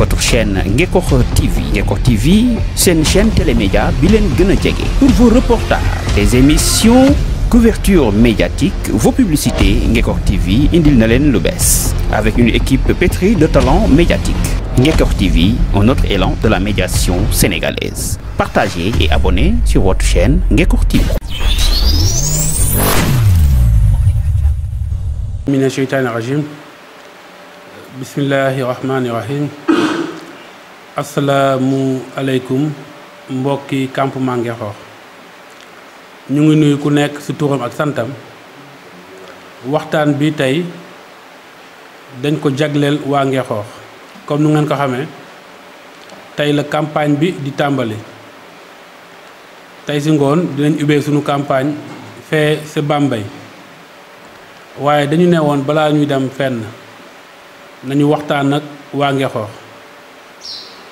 votre chaîne Ngeko TV. Ngeko TV, c'est une chaîne télémédia Bilen Genetjege. Pour vos reportages, des émissions, couverture médiatique, vos publicités, Ngeko TV, Indil Nalen Lubes. Avec une équipe pétrie de talents médiatiques. Ngeko TV, un autre élan de la médiation sénégalaise. Partagez et abonnez sur votre chaîne Ngeko TV. régime. Bismillahirrahmanirrahim. asalaamu aleykum mbokki campement Nguékhokh ñu ngi nuyu ku nekk ci turam ak santam waxtaan bi tey dañ ko jagleel waa Nguékhokh comme nu ngeen ko xamee tey la campagne bi di tàmbali tey ci ngoon dinañ ubbee sunu campagne fee ci Bambey waaye dañu ne woon balaa ñuy dem fenn nañu waxtaan ak waa Nguékhokh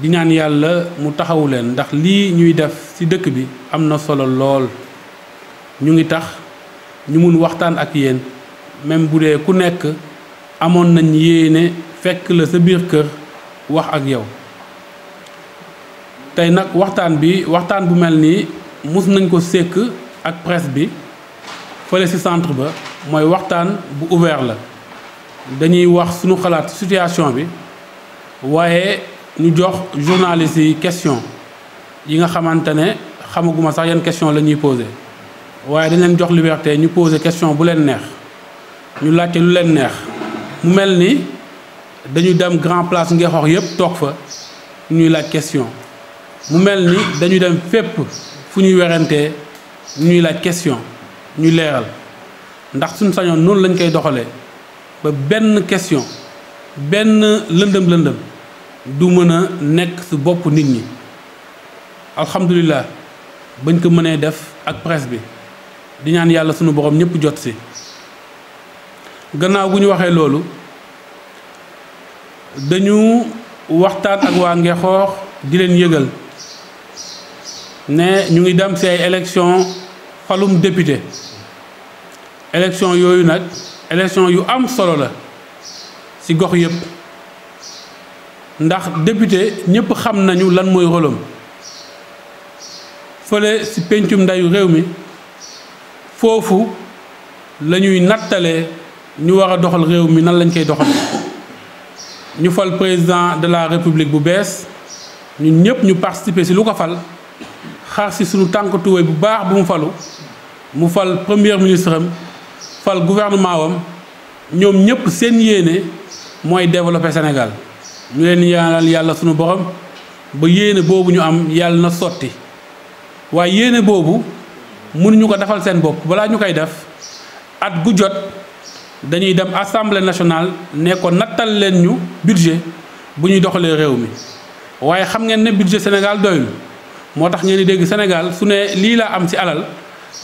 dinaan yàlla mu taxawu leen ndax lii ñuy def ci dëkk bi am na solo lool ñu ngi tax ñu mun waxtaan ak yéen même bu dee ku nekk amoon nañ yéene fekk la sa biir kër wax ak yow tey nag waxtaan bi waxtaan bu mel nii mus nañ ko sékk ak presse bi fële ci centre ba mooy waxtaan bu ouvert la dañuy wax sunu xalaat situation bi waaye ñu jox journaliste yi question yi nga xamante ne xamaguma sax yan question la ñuy posé waaye dañ leen jox liberté ñu poser question bu leen neex ñu laajte lu leen neex mu mel ni dañu dem grand place xox yëpp toog fa ñuy laaj question mu mel ni dañu dem fépp fu ñuy werantee ñuy laaj question ñu leeral ndax suñ sañoon noonu lañ koy doxalee ba benn question benn lëndëm lëndëm du mën a nekk su bopp nit ñi alhamdulilah bañ ko mënee def ak presse bi di ñaan yàlla sunu borom ñëpp jot si gannaaw bu ñu waxee loolu dañu waxtaan ak waa Ngexoox di leen yëgal ne ñu ngi dem si ay élection falum député élection yooyu nag élection yu am solo la si gox yëpp ndax député ñëpp xam nañu lan mooy Nous fële ci ndayu réew mi foofu la ñuy ñu war doxal réew mi nan lañ doxal ñu fal président de la république bu bees ñun ñëpp ñu participer ci nous fal xaar nous suñu bu baax bu mu fal premier ministre am fal gouvernement wam ñoom ñëpp seen yéene mooy développer Sénégal ñu leen ñaanal yàlla suñu borom ba yéene boobu ñu am yàlla na sotti waaye yéene boobu mënuñu ko defal seen bopp balaa ñu koy def at gu jot dañuy dem assemblée nationale ne ko nattal leen ñu budget bu ñuy doxalee réew mi waaye xam ngeen ne budget Sénégal doyul moo tax ngeen di dégg Sénégal su ne lii laa am ci alal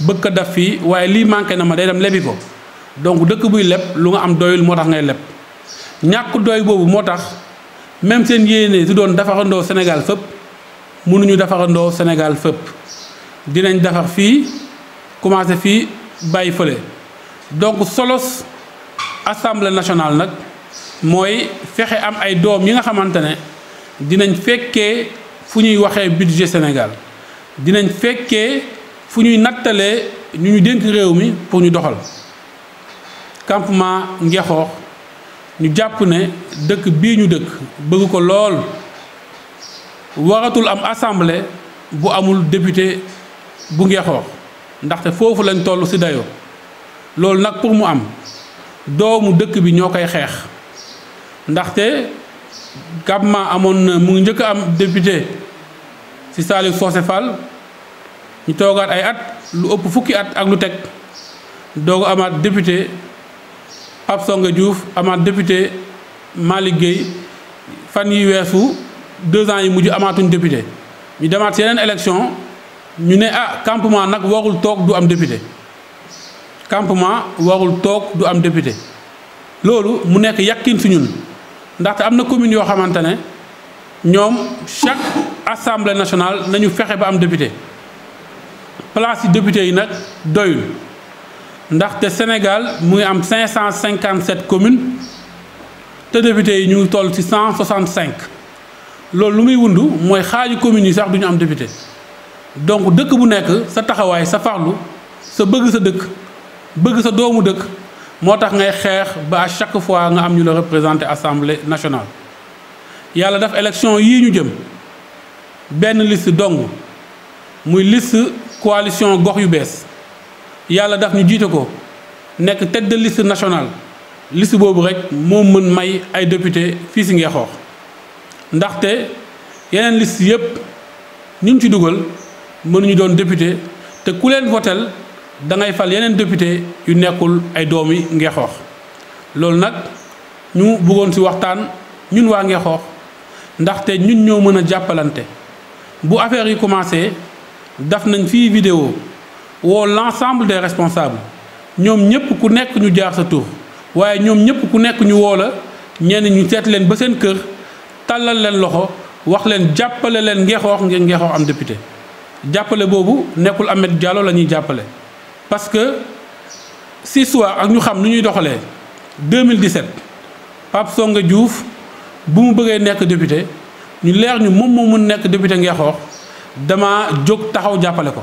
bëgg ko def fii waaye lii manqué na ma day dem lebi ko donc dëkk buy leb lu nga am doyul moo tax ngay leb ñàkk doy boobu moo tax. même sen yéene du d'affaires au Sénégal nous avons au Sénégal fépp dinañ defar fi commencé fi bay Nous donc solos assemblée nationale nak moy fexé am ay doom yi nga xamante dinañ nous fu ñuy budget Sénégal dinañ fekkee fu ñuy ñu ñu pour ñu doxal campement ñu japp ne dëkk bii ñu dëkk bëgg ko lool waratul am assemblée bu amul député bu ndaxte foofu lañ toll ci dayo loolu nag pour mu am doomu dëkk bi ñoo koy xeex ndaxte Gàmma amoon na mu ngi njëkk am député ci Salif Fall ñu toogaat ay at lu ëpp fukki at ak lu teg député ab songa Diouf amaat député Malick Gueye fan yi weesu deux ans yi mujj amaatuñ député ñu demaat yeneen élection ñu ne ah campement nag warul toog du am député campement warul toog du am député loolu mu nekk yàqin fi ñun ndaxte am na commune yoo xamante ne chaque assemblée nationale nañu fexe ba am député place yi député yi nag doyul ndaxte Sénégal mu ngi am 557 communes te députés yi ñu ngi toll ci 165 loolu lu muy wund mooy xaaju communes yi sax du ñu am député donc dëkk bu nekk sa taxawaay sa farlu sa bëgg sa dëkk bëgg sa doomu dëkk moo tax ngay xeex ba à chaque fois nga am ñu la représenté assemblée nationale. yàlla daf élection yii ñu jëm benn liste dong muy liste coalition gox yu bees yàlla daf ñu jiite ko tête de liste nationale liste boobu rek moo mën may ay député fii si y ndaxte yeneen liste yépp ñun ci dugal mënuñu député te ku leen votel da ngay fal yeneen député yu nekkul ay doomi Ngeexoox loolu nag ñu bëggoon si waxtaan ñun nous ndaxte ñun ñoo a bu affaire yi commencé daf nañ fi vidéo woo l'ensemble des responsables ñom ñep ku nekk ñu jaar sa tur waye ñom ñep ku nekk ñu wola ñen ñu seet leen ba seen kër talal leen loxo wax leen jàppale leen ngeexoox ngeen ngeexoox am député jàppale bobu nekkul Ahmed Diallo la ñuy jàppale. parce que si soit ak ñu xam nu ñuy doxalé 2017 pap Songa Diouf bu mu bëggé nekk député ñu leer ñu mom moo mun nekk député ngeexoox dama jog taxaw jàppale ko.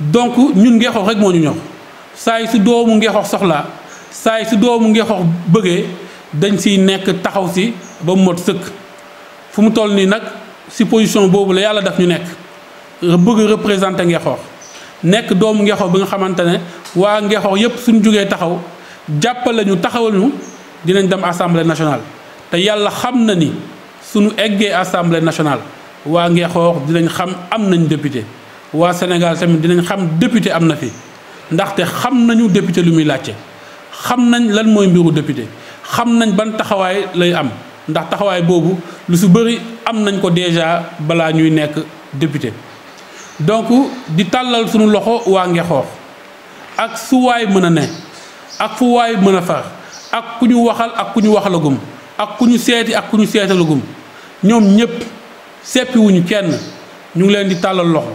donc ñun ne rek moo ñu ñor saa yi su doomu ngeexoox Nous su doomu dañ nekk taxaw si ba mu mot sëkk fu mu toll nii nag si position boobu la yàlla daf ñu nekk bëgg représenté ngeexoox nekk doomu avons bi nga xamante ne waa ngeexoox yépp suñ jógee taxaw nous taxawal ñu dinañ dem assemblée nationale te yàlla xam ni assemblée nationale dinañ xam am nañ député waa Sénégal tamit dinañ xam député am na fi ndaxte xam nañu député lu muy laajte xam nañ lan mooy mbiru député xam nañ ban taxawaay lay am ndax taxawaay boobu lu su bëri am nañ ko déjà balaa ñuy nekk député donc di tàllal suñu loxo waa Ngexoox ak su waay mën a ne ak fu waay mën a fa ak ku ñu waxal ak ku ñu waxalagum ak ku ñu seeti ak ku ñu seetalagum ñoom ñëpp seppi kenn ñu ngi leen di tàllal loxo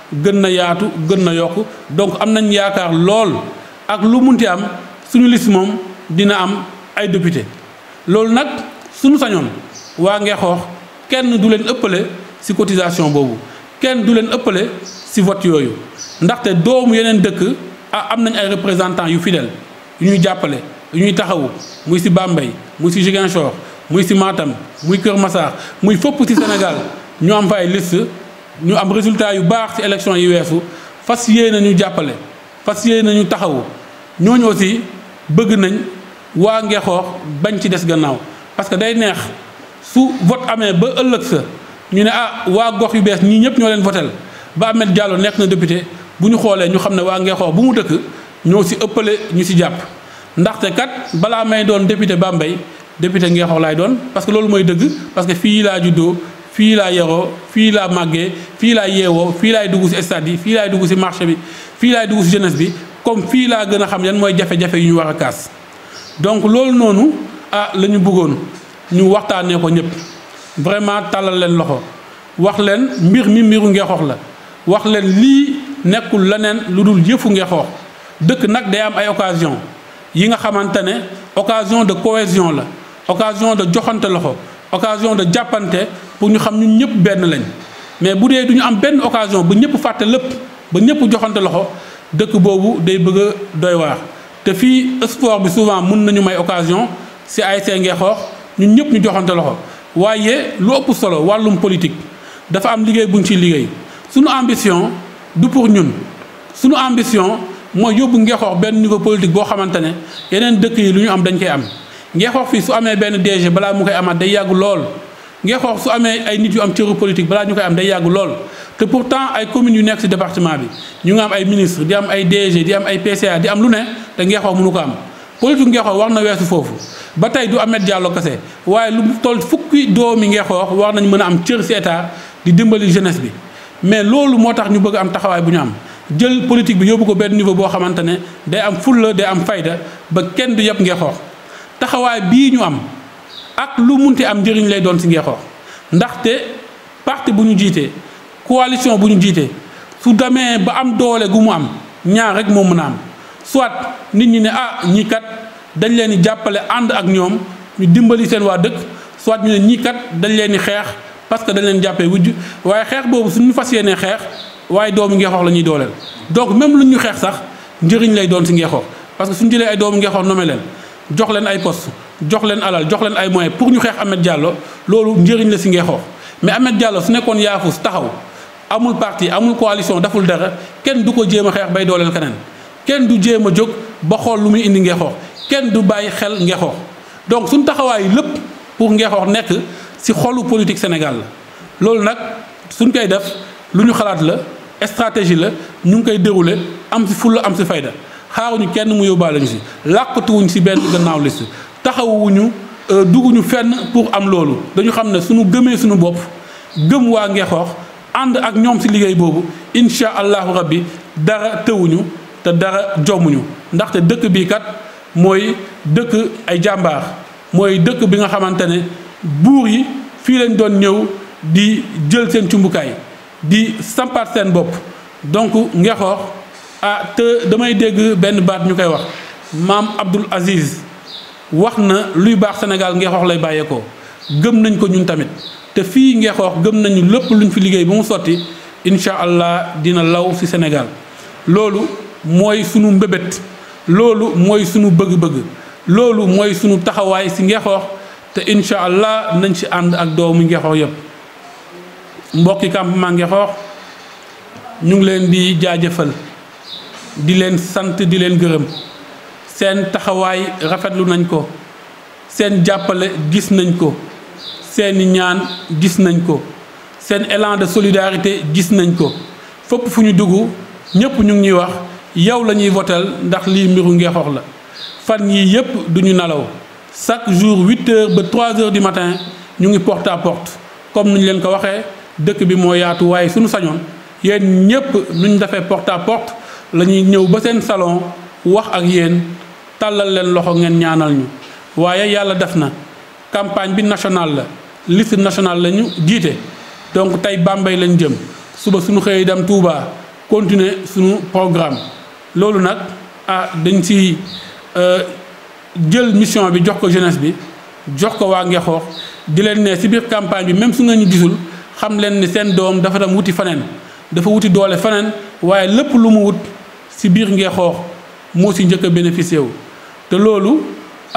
gën yaatu donc am yaakar lol lool ak lu munti am suñu liste mom dina am ay député loolu nak suñu sañoon waa ce kenn du leen ëppale ci cotisation kenn du ci vote doomu dëkk ay représentants yu ñuy Matam muy Kër Massar muy fop ci Sénégal ñu ñu am résultat yu baax ci élection yi weesu fas yéene ñu jàppale fas yéene ñu taxawu ñooñu aussi bëgg nañ waa Ngexoox bañ ci des gannaaw parce que day neex su vote amee ba ëllëg sa ñu ne ah waa gox yu bees ñii ñëpp ñoo leen votel ba Ahmed Diallo nekk na député bu ñu xoolee ñu xam ne waa Ngexoox bu mu dëkk ñoo si ëppale ñu si jàpp ndaxte kat balaa may doon député Bambey député Ngexoox laay doon parce loolu mooy dëgg parce que fii laa juddoo fii laa yaroo fii laa màggee fii laa yeewoo fii laay dugg si stade yi fii laay dugg si marché bi fii laay dugg si jeunesse bi comme fii laa gën a xam yan mooy jafe-jafe yu ñu war a kaas donc loolu noonu ah la ñu bëggoon ñu waxtaanee ko ñëpp vraiment tàllal leen loxo wax leen mbir mi mbiru Ngeexoox la wax leen lii nekkul leneen lu dul yëfu Ngeexoox dëkk nag day am ay occasion yi nga xamante ne occasion de cohésion la occasion de joxante loxo occasion pour ñu xam ñun ñëpp benn lañ mais occasion, si am bonne occasion ba ñëpp fàtte lépp ba ñëpp joxante loxo dëkk day bëgg a doy waar te fi occasion, bi souvent nous une may occasion si ASC ñun ñëpp ñu joxante loxo solo politique dafa am buñ ci ambition du pour nous. suñu ambition c'est de Ngeexoox un niveau politique nous yeneen dëkk yi am dañ koy am une su DG ngee xoox su amee ay nit yu am cëru politique balaa ñu koy am day yàgg lool te pourtant ay communes yu nekk ci département bi ñu ngi am ay ministre di am ay DG di am ay PCA di am lu ne te ngee xoox mënu ko am politique ngee xoox war na weesu foofu ba tey du Ahmed Diallo kese waaye lu toll fukki doomi ngee xoox war nañ mën a am cër ci état di dimbali jeunesse bi mais loolu moo tax ñu bëgg am taxawaay bu ñu am jël politique bi yóbbu ko benn niveau boo xamante ne day am fulla day am fayda ba kenn du yëpp ngee taxawaay bii ñu am ak lu munti am lay doon si coalition su ba am doole gu am ñaar rek soit nit ñi ne ah ñii kat dañ leen di ak ñu dimbali seen dëkk soit ñu ne ñii kat dañ leen di parce que dañ leen jàppee wujj waaye xeex boobu suñu doomu la donc même lu ñu xeex sax njëriñ lay parce que suñu jëlee ay doomu Ngeexoox jox leen ay post jox leen alal jox leen ay moyens pour ñu xeex Ahmed Diallo loolu njëriñ la si ngeexoo mais Ahmed Diallo su nekkoon yaafus taxaw amul parti amul coalition daful dara kenn du ko jéem a xeex bay dooleel keneen kenn du jéem a jóg ba xool lu muy indi Ngeexoox kenn du bàyyi xel Ngeexoox donc suñu taxawaayu lépp pour Ngeexoox nekk si xolu politique Sénégal la loolu nag suñ koy def lu ñu xalaat la stratégie la ñu ngi koy dérouler am si fulla am si fayda xaaruñu kenn mu yóbbaale ñu si làqatuwuñ si benn gannaaw liste taxawuñu euh, dugguñu fenn pour am loolu dañu xam ne suñu gëmee suñu bopp gëm waa Ngexoox ànd ak ñoom si liggéey boobu incha allahu rabbi dara tëwuñu te dara jommuñu ndaxte dëkk bii kat mooy dëkk ay jàmbaar mooy dëkk bi nga xamante ne buur yi fii lañ doon ñëw di jël seen cumbukaay di sampaat seen bopp donc Ngexoox ah te damay dégg benn baat ñu koy wax maam Abdoul Aziz wax na luy baax Sénégal ngeexoox lay bàyyeekoo gëm nañ ko ñun tamit te fii ngeexoox gëm nañu lépp luñ fi liggéey ba mu sotti incha allah dina law ci Sénégal loolu mooy sunu mbébét loolu mooy sunu bëgg-bëgg loolu mooy sunu taxawaay ci ngeexoox te incha allah nañ ci ànd ak doomu ngeexoox yépp mbokki campement ngeexoox ñu ngi leen di jaajëfal. di leen sant di leen gërëm seen taxawaay rafetlu nañ ko seen jàppale gis nañ ko ñaan gis nañ ko seen élan de solidarité gis nañ ko fépp fu ñu dugg ñëpp ñu ngi ñuy wax yow la ñuy votel ndax lii mbiru Ngeexoox la fan yii yëpp duñu nalaw chaque jour 8 heures ba 3 heures du matin ñu ngi porte à porte comme nuñ leen ko waxee dëkk bi moo yaatu waaye suñu sañoon yéen ñëpp porte à porte la ñuy ñëw ba seen salon wax ak yéen tàllal leen loxo ngeen ñaanal ñu waaye yàlla def na campagne bi nationale la liste nationale lañu jiite donc tey Bambey lañ jëm suba suñu xëyee dem Touba continuer suñu programme loolu nag ah dañ ci euh, jël mission bi jox ko jeunesse bi jox ko waa Ngexoox di leen ne ci biir campagne bi même su nga ñu gisul xam leen ni seen doom dafa dem wuti feneen dafa wuti doole faneen waaye lépp lu mu wut si biir Ngeexoox moo si njëkk a bénéficié wu. te loolu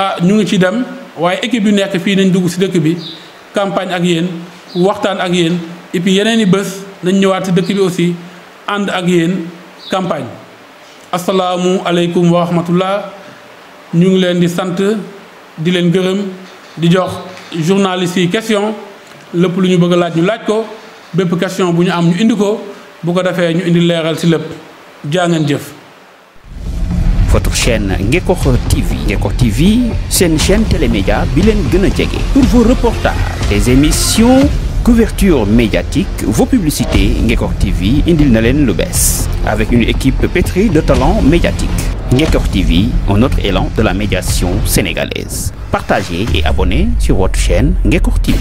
ah ñu ngi ci dem waaye équipe yu nekk fii nañ dugg si dëkk bi campagne ak yéen waxtaan ak yéen et yeneen i bés nañ ñëwaat ci dëkk bi aussi ànd ak yéen campagne. asalaamu aleykum wa ñu ngi leen di sant di leen gërëm di jox journalistes yi question lépp lu ñu bëgg laaj ñu laaj ko bépp question bu ñu am ñu indi ko bu ko defee ñu indi leeral si lépp jaa ngeen jëf. votre chaîne Ngeko TV. Ngeko TV, c'est une chaîne télémédia bilen Pour vos reportages, des émissions, couverture médiatique, vos publicités, Ngeko TV, Indil Nalen Lubes. Avec une équipe pétrie de talents médiatiques. Ngeko TV, un autre élan de la médiation sénégalaise. Partagez et abonnez sur votre chaîne Ngeko TV.